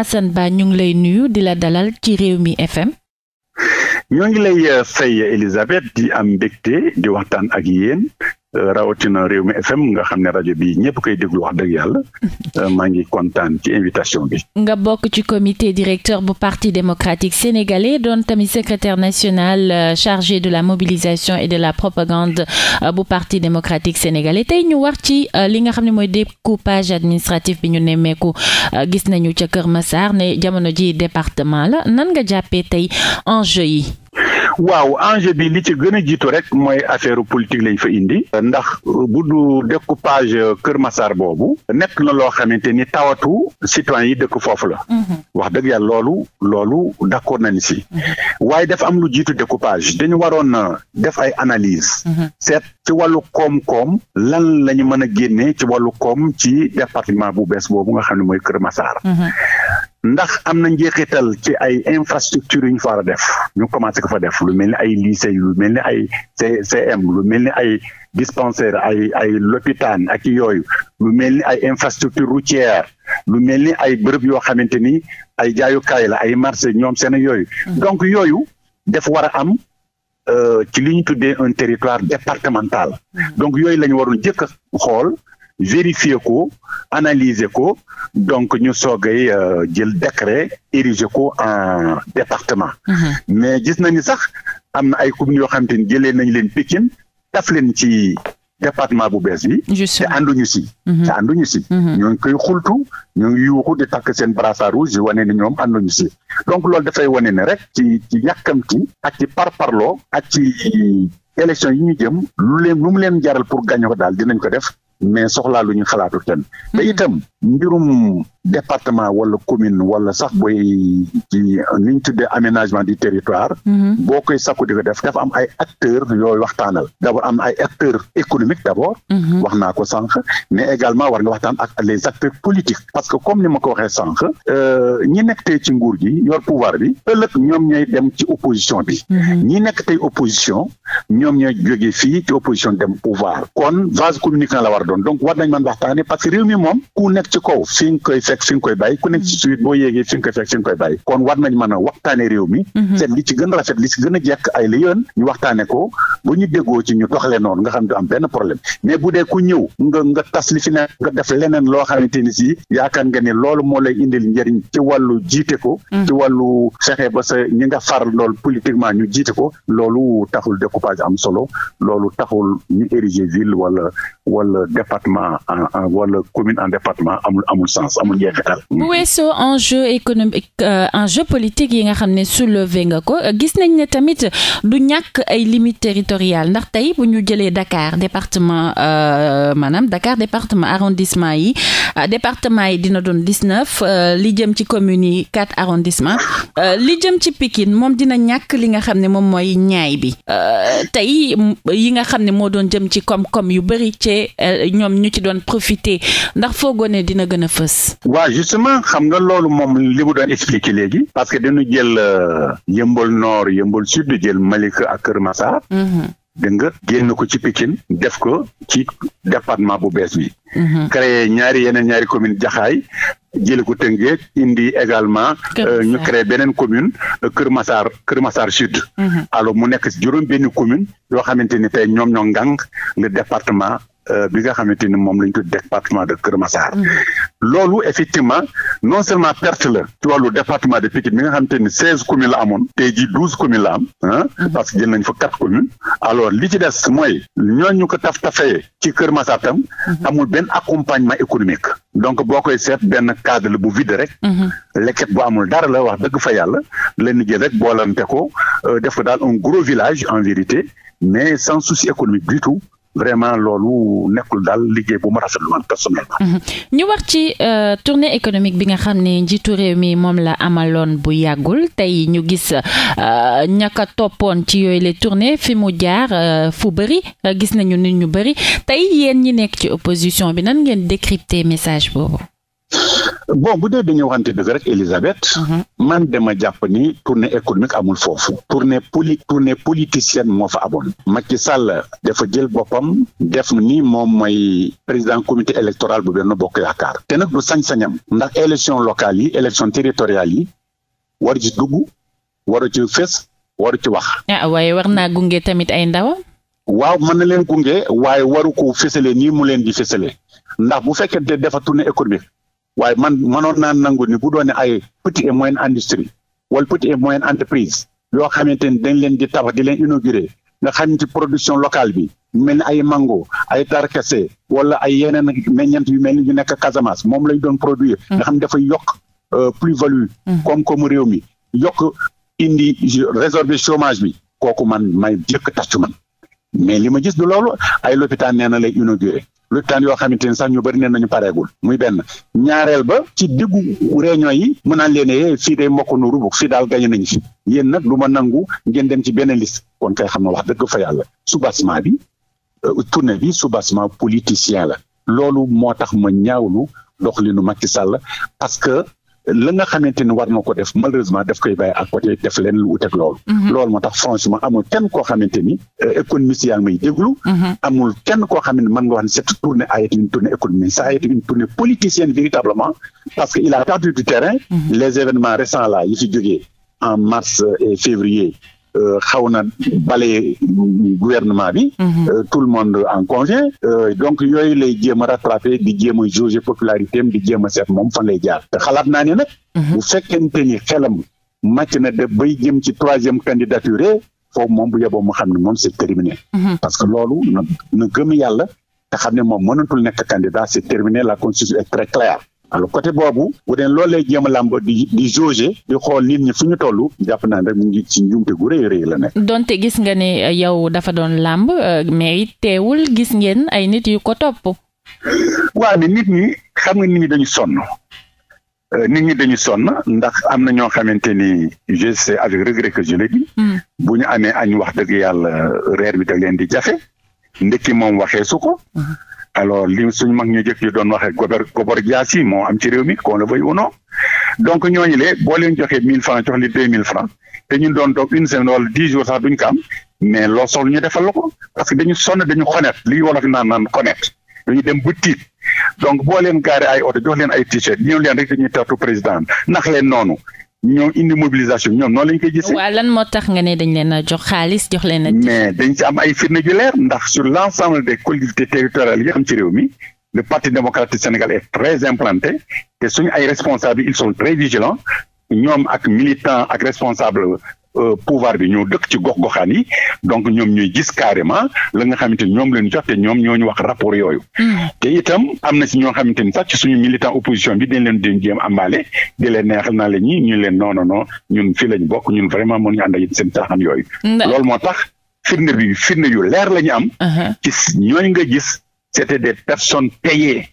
Assane Ba ñu ngi lay nuyu di la dalal ci Rewmi FM. ñoo ngi lay euh, fay di am mbégte di waxtaan ak yéen rawatina réew mi FM nga xam ne rajo bi ñëpp koy déglu wax dëgg yàlla euh, maa ngi kontaan ci invitation bi. nga bokk ci comité directeur bu parti démocratique sénégalais doon tamit secrétaire national euh, chargé de la mobilisation et de la propagande euh, bu parti démocratique sénégalais tey ñu wax ci li nga xam ne mooy découpage administratif bi ñu nemmeeku gis nañu ca Kër Massar ne jamono ji département la nan nga jàppee tey enjeu yi. waaw enjeu bi li ci gën a jiitu rek mooy affaire politique lañ fa indi. ndax bu du découpage Kër Massar boobu. nekk na loo xamante ni tawatu citoyen yi dëkk foofu la. Mhm. wax dëgg yàlla loolu loolu d'accord nañ si. Mhm. waaye dafa am lu jiitu décopage dañu waroon def ay analyse mhm. seet ci wàllu koom-koom lan lañu ñu mën a génne ci wàllu koom ci département bu bees boobu nga xam ne mooy Kër Massar. ndax am na njeexital ci ay infrastructure yu ñu fa war a def ñu commencé ko fa def lu mel ni ay lycée lu mel ni ay CM lu mel ni ay dispensaire ay ay lopitaan ak yooyu lu mel ni ay infrastructure routière lu mel ni ay bërëb yoo xamante ni ay jaayukaay la ay marché ñoom seen yooyu mm-hmm. donc yooyu def war a am euh, ci li ñu tuddee un territoire départemental mm-hmm. donc yooyu la ñu jëkk xool vérifier ko analyser ko donc ñu soogay euh, jël décret ériger ko en département. Mhm. mais gis nañu sax am na ay communes yoo xamante ni jëlee nañ leen Pikine taf leen ci. département bu bees bi te ànduñu si mhm. si mhm. ñoo ngi koy xultu ñoo ngi yuuxu di takk seen brassard rouge yi wane ni ñoom ànduñu si donc loolu dafay wane ne rek ci ci yàkkamti ak ci parparloo ak ci élection yi ñu jëm lu leen lu mu leen jaral pour gagné daal dinañ ko def mais soxlaa lu ñu xalaatu kenn. te mm-hmm. itam mbirum département wala commune wala sax booy ci ni ñu tuddee aménagement du territoire. Mhm. boo koy sakku di ko def dafa am ay acteurs yooyu waxtaanal. d'abord am ay acteurs économiques d'abord. Mhm. wax naa ko sànq mais également war waxtaan les acteurs politiques. parce que comme ni ma ko waxee sànq. Euh, ñi nekk tey ci nguur gi yor pouvoir bi. ëllëg ñoom ñooy dem ci opposition bi. Mhm. ñi nekk tey opposition ñoom ñooy jógee fii ci opposition dem pouvoir. kon vase communicant la war doon ci kaw fi nga koy fekk fi nga koy bàyyi ku nekk ci suite boo yéegee fi nga koy fekk fi nga koy bàyyi kon war nañ mën a waxtaane réew mi mhm. seet li ci gën a rafet li ci gën a jekk ay la yoon ñu waxtaane ko bu ñu déggoo ci ñu doxale noonu nga xam du am benn problème mais bu dee ku ñëw nga tas li fi ne nga def leneen nga ni loolu moo lay indil njëriñ ci wàllu jiite ko mhm. ci wàllu fexe ba sa ñi nga faral lool politiquement ñu jiite ko loolu taxul découpage am solo loolu taxul ñu ériger ville wala wala département wala commune en département amul amul sens amul jeexital. bu weesoo enjeu économique euh, enjeu politique yi nga xam ne soulevé nga ko euh, gis nañ ne tamit du ñàkk ay limites territoriales ndax tey bu ñu jëlee dakaar département euh, maanaam Dakar département arrondissement yi département yi dina doon dix neuf li jëm ci communes yi quatre arrondissement li jëm ci Pikine moom dina ñàkk li nga xam ne moom mooy ñaay bi tey yi nga xam ne moo doon jëm ci koom-koom yu bëri ci ñoom ñu ci doon profité ndax foogoo ne dina gën a fës. waaw justement xam nga loolu moom li mu doon expliqué léegi parce que dañu jël euh, yëmbal nord yëmbal sud jël Malika ak Kër Massar. Mm-hmm. dégg nga génn ko ci Pikine def ko ci département bu bees bi. Mm-hmm. créé ñaari yeneen ñaari commune jaxaay jële ko Tëngéej indi également. Euh, ñu créé beneen commune euh, Kër Massar Kër Massar Sud. Mm-hmm. alors mu nekk juróom benn commune yoo xamante ni tey ñoom ñoo ngànk le département. Euh, bi nga xamante ni moom lañ tudd département de Kër Massar. Mm-hmm. loolu effectivement non seulement perte la ci wàllu département de Pikine bi nga xamante ni seize communes la amoon tey jii douze communes la am ah parce que jël nañ fa quatre communes alors li ci des mooy ñooñu ko taf tafee ci Kër Massar tam mm-hmm. amul benn accompagnement économique donc boo koy seet benn cadre la bu vide rek leket bu amul dara la wax dëgg fa yàlla leen liggéey rek boolante ko euh, def ko daal un gros village en vérité mais vraiment loolu nekkul daal liggéey bu ma rafetlu man personnellement. Mhm. ñu wax ci euh, tournée économique bi nga xam ne njiitu réew mi moom la amaloon bu yàggul tey ñu gis euh, ñaka toppoon ci yooyu les tournées fi mu jaar euh, fu bëri gis nañu nit ñu bëri tey yéen ñi nekk ci opposition bi nan ngeen décrypter message boobu. bon bu dee dañu waxante dëgg rek Elisabeth. Mhm. man dama jàpp ni tournée économique amul foofu. tournée poli tournée politicienne moo fa amoon. Macky Sall dafa jël boppam def nii moom mooy président comité électoral bu benn bokk yaakaar. te nag du sañ-sañam. ndax élection locale yi élection territoriale yi war ci dugg waru ci fés waru ci wax. ah waaye war naa gunge tamit ay ndaw. waaw mën na leen gunge waaye waru ko fësale nii mu leen di fësale ndax bu fekkente dafa tournée économique waaye man mënoon naa nangu ni bu doone ay petit et moyenne industrie wala petit et moyenne entreprise yoo xamante ni dañ leen di tabax di leen inauguré nga xam ci production locale bi mel ni ay mango ay darkase wala ay yeneen meññeent yu mel ni ñu nekk Casamance moom lañ doon produire. Mm. nga xam dafay yokk euh, plus value. Mm. koom-koomu réew mi yokk indi résorber chômage bi kooku man may jëkk tàccu man. mais li ma gis du loolu ay lopitaan nee na lay inauguré lopitaan yoo xamante ni sax ñu bëri nee nañu pareegul muy benn ñaareel ba ci diggu réunion yi mu naan leen eh, fii day mbokk nu rubuk fii daal gañe nañu fi yéen nag du ma nangu ngeen dem ci beneen liste kon kay xam na wax dëgg fa yàlla soubassement bi euh, tournée bi soubassement politicien la loolu moo tax ma ñaawlu li Macky Sall parce que la nga xamante ni war na ko def malheureusement def koy bàyyi à côté def leen lu uteg loolu. Mhm. loolu moo tax franchement amul kenn ko xamante ni euh, économiste yaa ngi may déglu. Mhm. amul kenn koo xam ne mën nga wax ne cette tournée a été une tournée économique ça a été une tournée véritablement parce que il a perdu du terrain. Mhm. les événements récents là yi fi jógee en mars et février. Euh, xaw na bale gouvernement bi. Mhm. Euh, tout le monde en congé. Euh, donc yooyu lay jéem a rattrapé di jéem a jauger popularité am di jéem a seet moom fan lay jaar te xalaat naa ne nag. Mhm. bu fekkente ni xelam màcc na de bay jëm ci troisième candidature foofu moom bu yeboo mu xam ne moom c'est terminé. Mhm. parce que loolu na gëm yàlla te xam ne moom mënatul nekk candidat c'est terminé la constitution est très claire. alors côté boobu bu dee loolu lay jéem làmb di di di xool nit ñi fu ñu toll jàpp naa rek mu ngi ci njuumte gu rëy rëy la nekk. donte gis nga ne euh, yow dafa doon làmb euh, mais teewul gis ngeen ay nit yu ko topp. waaw mais nit ñi xam nga nit ñi dañu sonn. Euh, nit ñi dañu sonn ndax am na ñoo xamante ni je sais avec regret que je hmm. bu ñu amee añ wax dëgg yàlla reer bi da leen di jafe. ndekki moom waxee su ko. Hmm. alors li suñ mag ñu jëkk ñu doon waxee gober gober jaas yi moo am ci réew mi qu'on le veuille ou non donc ñooñu lee boo leen joxe mille francs jox li deux mille francs te ñu doon toog une semaine wala dix jours sax duñ ko am mais loo soxla ñu defal la parce que dañu sonn dañu xonet li wolof naan naan xonet dañu dem ba tiit donc boo leen gaaree ay oto jox leen ay t-shirt ñëw leen rek dañuy tartu président nax leen noonu ñoo indi mobilisation ñoom noonu lañ koy gisee. waaw lan moo tax nga ne dañ leen a jox xaalis jox leen a. mais dañ ci am ay firnde ju leer ndax sur l' ensemble des collectivités territoriales yi am ci réew mi le parti démocratique sénégalais est très implanté te suñu ay responsables ils sont très vigilants ñoom ak militants ak responsables Euh, pouvoir bi ñoo dëkk ci gox-goxaan yi donc ñoom ñooy gis carrément la nga xamante ni ñoom leen jox te ñoom ñoo ñu wax rapport yooyu. Hmm. te itam am na si ñoo xamante ni sax ci suñu militant opposition bi dañ leen di jéem ambaale di leen neexal naa la ñi ñu leen non non non ñun fii lañ bokk ñun vraiment mënuñu ànd ak seen caaxaan yooyu. loolu moo tax firnde bi firnde yu leer la ñu am. Uh-huh. ci ñooñu nga gis c'était des personnes payées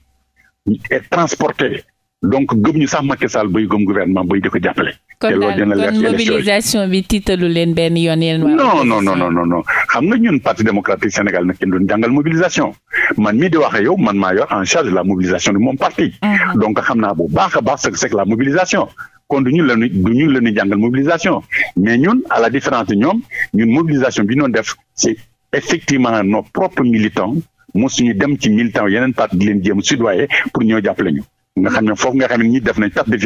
et transportées donc gëm ñu sax Macky Sall bay gëm gouvernement bay di jàppale. kon daal mobilisation bi tiitalu leen benn yoon yéen waa non non non non non xam nga ñun parti démocratique Sénégal nag kenn duñ jàngal mobilisation man mii di waxe yow man maa en charge la mobilisation de mon parti. Mhm. donc xam naa bu baax a baax ce que la mobilisation. kon du ñu la du ñu la ñuy jàngal mobilisation mais ñun à la différence de ñoom ñun mobilisation bi noonu def c'est effectivement nos propres militants mosuñu dem ci militants yeneen parti di leen jéem soudoyer pour ñoo jàppale ñu. nga xam ne foofu nga xam ne ñi def nañ tas de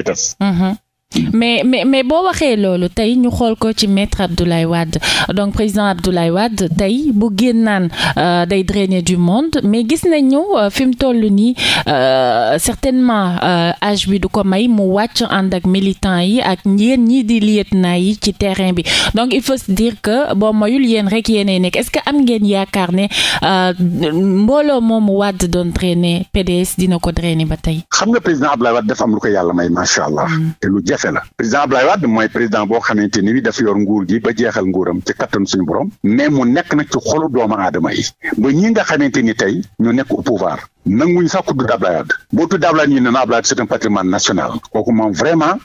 Mm-hmm. mais mais mais boo waxee loolu tey ñu xool ko ci maître Abdoulaye Wade donc président Abdoulaye Wade tey bu génnaan euh, day drainer du monde mais gis nañu euh, fi mu toll nii euh, certainement euh, âge bi du ko may mu wàcc ànd ak militant yi ak yéen ñii di naa yi ci terrain bi donc il faut se dire que boo mayul yéen rek yéenay nekk est-ce que am ngeen yaakaar ne euh, mbooloo moomu Wade doon drainer PDS dina ko drainer ba tey. xam nga président Abdoulaye Wade dafa am lu ko yàlla kese la président Abdoulaye mooy président boo xamante ni bi dafa yor nguur gi ba jeexal nguuram ci kattan suñu borom mais mu nekk na ci xolu doomu aadama yi ba ñi nga xamante ni tey ñu nekk au pouvoir nanguwuñ sax ku tudd Abdoulaye boo tudd Abdoulaye ñu ne na Abdoulaye c'est un patrimoine national kooku moom vraiment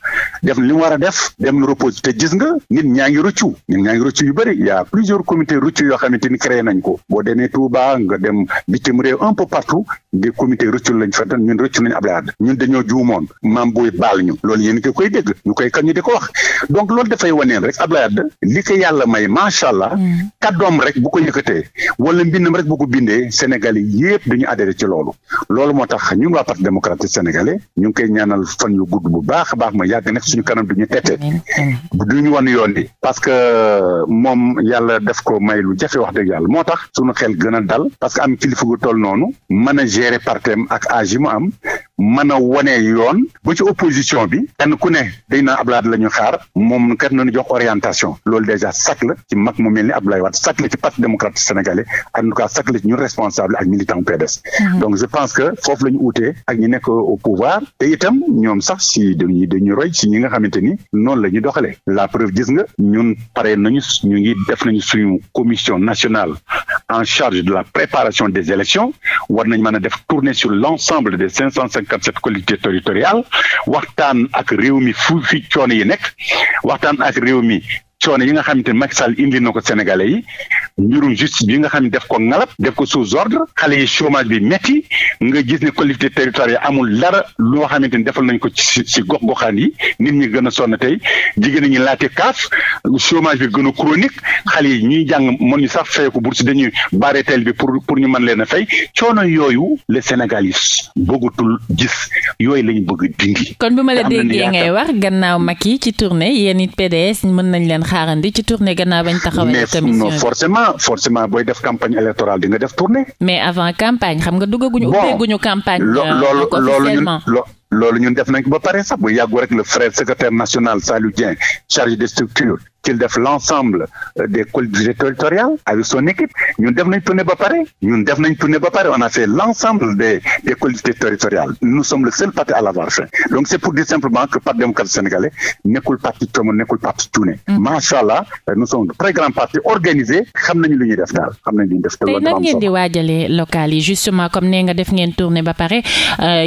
def li mu war a def dem na repose te gis nga nit ñaa ngi rëccu nit ñaa ngi rëccu yu bëri y a plusieurs comités rëccu yoo xamante ni nañ ko boo demee Touba nga dem bitim réew un peu partout des comités rëccu lañ fa ñun rëccu nañ Abdoulaye Wade ñun dañoo juumoon maam buy baal ñu loolu yéen koy dégg ñu koy kañ di ko wax donc loolu moo tax ñun waa parti démocratique sénégalais ñu ngi koy ñaanal fan yu gudd bu baax a baax ma yàgg nekk suñu kanam duñu tette duñu wan yoon yi parce que moom yàlla def ko may lu jafe wax dëgg yàlla moo tax suñu xel gën a dal parce que am kilifa gu toll noonu mën a gérer partem ak âge yi mu am mën a wane yoon ba ci opposition bi kenn ku ne dañ na Ablaye la ñu xaar moom kat nañu jox orientation loolu déjà sac ci mag mu mel ni Ablaye Wade sac la ci parti démocratique sénégalais en tout cas responsable ak militant PDS mhm. donc je pense que foofu la ñu ak ñi nekk au pouvoir te itam ñoom sax si dañuy roy si ñi nga xamante ni noonu la la preuve gis ñun pare nañu ñu commission nationale en charge de la préparation des élections war a quatre collectivités territoriales waxtaan ak réew mi fu fi coono yi nekk waxtaan ak réew mi coono yi nga xamante ne Macky indi na ko Sénégalais yi mbirum justice bi nga xam ne def ko ngalap def ko sous ordre xale yi chômage bi metti nga gis ne collectivité territoriale amul dara loo xamante ni defal nañ ko ci ci gox goxaan yi nit ñi gën a sonn tey jigéen ñi laate kaas chômage bi gën a chronique xale yi ñuy jàng mën ñu sax fay ko bourse dañuy bare teel bi pour pour ñu man leen a fay coono yooyu le Sénégal yi bëggatul gis yooyu lañ bëgg dindi. kon bu ma la xaarandi ci tournée gannaaw bañ taxawal commission forcément forcément booy def campagne électorale di nga def tournée. mais avant campagne xam nga duggaguñu. bon ubbeeguñu campagne. Euh, loolu loolu ñun loolu ñun def nañ ba pare sax bu yàggu rek le frère secrétaire national Saliou Dieng chargé de structure qu'il def l'ensemble euh, des collectivités territoriales avec son équipe ñun def nañ tournée ba pare ñun def nañ tournée ba pare on a fait l'ensemble des des territoriales nous sommes le seul parti à l'avoir fait donc c'est pour dire simplement que Parti démocratique sénégalais nekkul parti tomo nekkul parti mm. euh, sommes très grand parti organisé xam nañu lu ñuy def daal xam di waajalee local justement comme nee nga def ngeen tournée ba pare euh,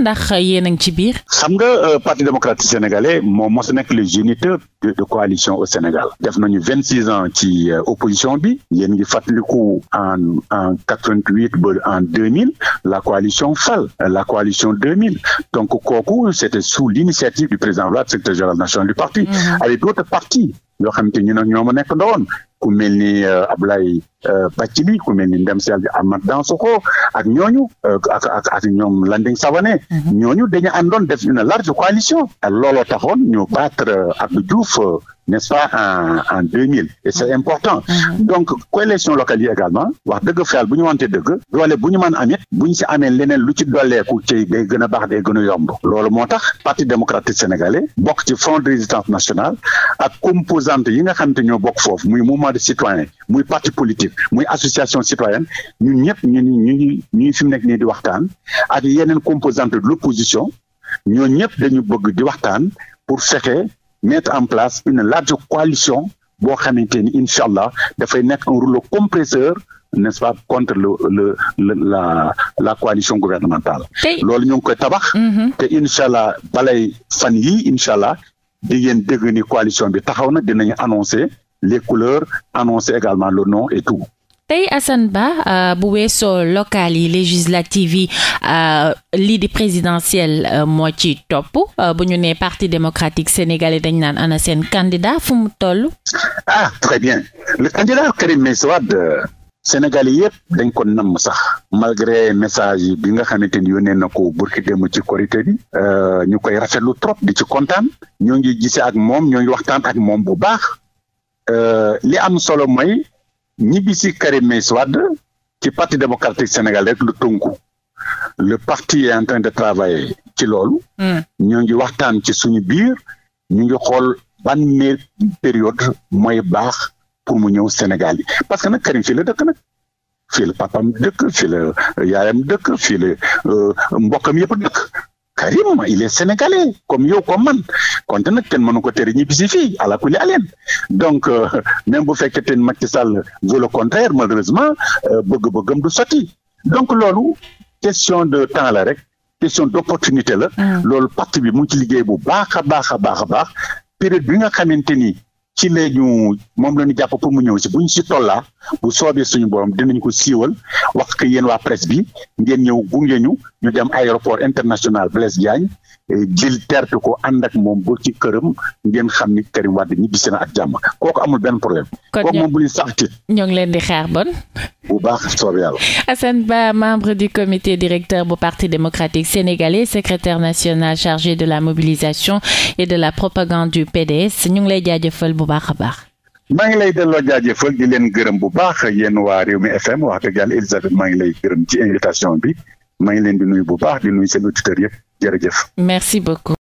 ndax yéen a ci biir. xam nga euh, parti démocratique sénégalais moom mos nekk le géniteur de de coalition au Sénégal def nañu vingt six ans ci euh, opposition bi yéen ngi fàttaliku en en quatre vingt huit ba en mille la coalition FAL euh, la coalition deux mille donc kooku c' était sous l' initiative du président Wade secrétaire général national du parti. Mm-hmm. avec d' autres partis yoo te ñu ne ñoo ma nekk ndawoon ku mel ni Ablaye. Euh, ci bi ku mel ni ndem si yàlla bi Amath Dansokho ak ñooñu euh, ak ak ak ñoom Landing Savané mhm. ñooñu dañu àndoon def une large coalition euh, looloo taxoon ñu battre Abdou Diouf n'est-ce pas en en deux mille et c'est important mhm. donc coalition locale yi également wax dëgg fa yàlla bu ñu wante dëgg doole bu ñu mën am it bu ñu si amee leneen lu ci dolleeku ci gay gën a baax day gën a yomb loolu moo tax parti démocratique sénégalais bokk ci front de résistance nationale ak composante yi nga xam te ñoo bokk foofu muy mouvement de citoyen muy parti politique bi muy association citoyenne ñun ñëpp ñu ñu ñu fi mu nekk nii di waxtaan ak yeneen composante de l'opposition ñoo ñëpp dañu bëgg di waxtaan pour fexe mettre en place une large coalition boo xamante ni incha allah dafay nekk un rouleau ne n'est-ce pas contre le le, la la coalition gouvernementale. loolu ñoo ngi koy tabax. Mm-hmm. te incha allah balay fan yii incha allah di ngeen dégg ni coalition bi taxaw na dinañu annoncer les couleur annoncer également le nom et tout. tey Assane Ba euh, bu weesoo locales yi législatives yi euh, lii di présidentielle euh, moo ci topp bu ñu nee parti démocratique sénégalais dañ naan ana seen candidat fu mu toll. ah très bien le candidat Karim Meïssa Wade sénégalais yëpp dañ ko nam sax malgré message yi bi nga xamante ni yónnee na ko burki démb ci korité bi ñu koy rafetlu trop di ci kontaan ñoo ngi gisee ak moom ñoo ngi waxtaan ak moom bu baax. Euh, li am solo mooy ñibbisi Karim Meïssa Wade ci parti démocratique sénégalais rek lu tënku le parti est en de travailler ci loolu. Hmm. ñoo ngi waxtaan ci suñu biir ñu ngi xool ban période mooy baax pour mu ñëw Sénégal yi parce que na Karim fii dëkk na fii la papam dëkk fii la yaayam dëkk fii la euh, mbokkam dëkk. Karim il est sénégalais comme yow comme man konte nag kenn mënu ko tere ñibbi si fii à la kuli aleen donc euh, même bu fekkee ne Macky Sall veut le contraire malheureusement euh, bëgg-bëggam du sotti donc loolu question de temps la rek question d'opportunité la. Ah. loolu parti bi mu ngi ci liggéey bu baax a baax a baax a baax période bi nga xamante ni ci la ñu moom la ñu pour mu ñëw si bu ñu si tollaa bu soobee suñu borom dinañ ko siiwal wax ko yéen waa presse bi ngeen ñëw gunge ñu ñu dem aéroport international Blaise Diagne eh, jël tertu ko ànd ak moom ba ci këram ngeen xam ni Karim Wade ñibbisi na ak jàmm kooku amul benn problème. kooku moom bu ñu sax ci. ñoo ngi leen di xaar bon. bu baax soobee yàlla. Assane Ba membre du comité directeur bu parti démocratique sénégalais secrétaire national chargé de la mobilisation et de la propagande du PDS ñu ngi lay jaajëfal bu baax a baax. maa ngi lay delloo jaajëfal di leen gërëm bu baax yéen waa Rewmi FM wax dëgg yàlla Elisabeth maa ngi lay gërëm ci invitation bi maa ngi leen di nuyu bu baax di nuy seen auditeurs yëpp jërëjëf. merci beaucoup.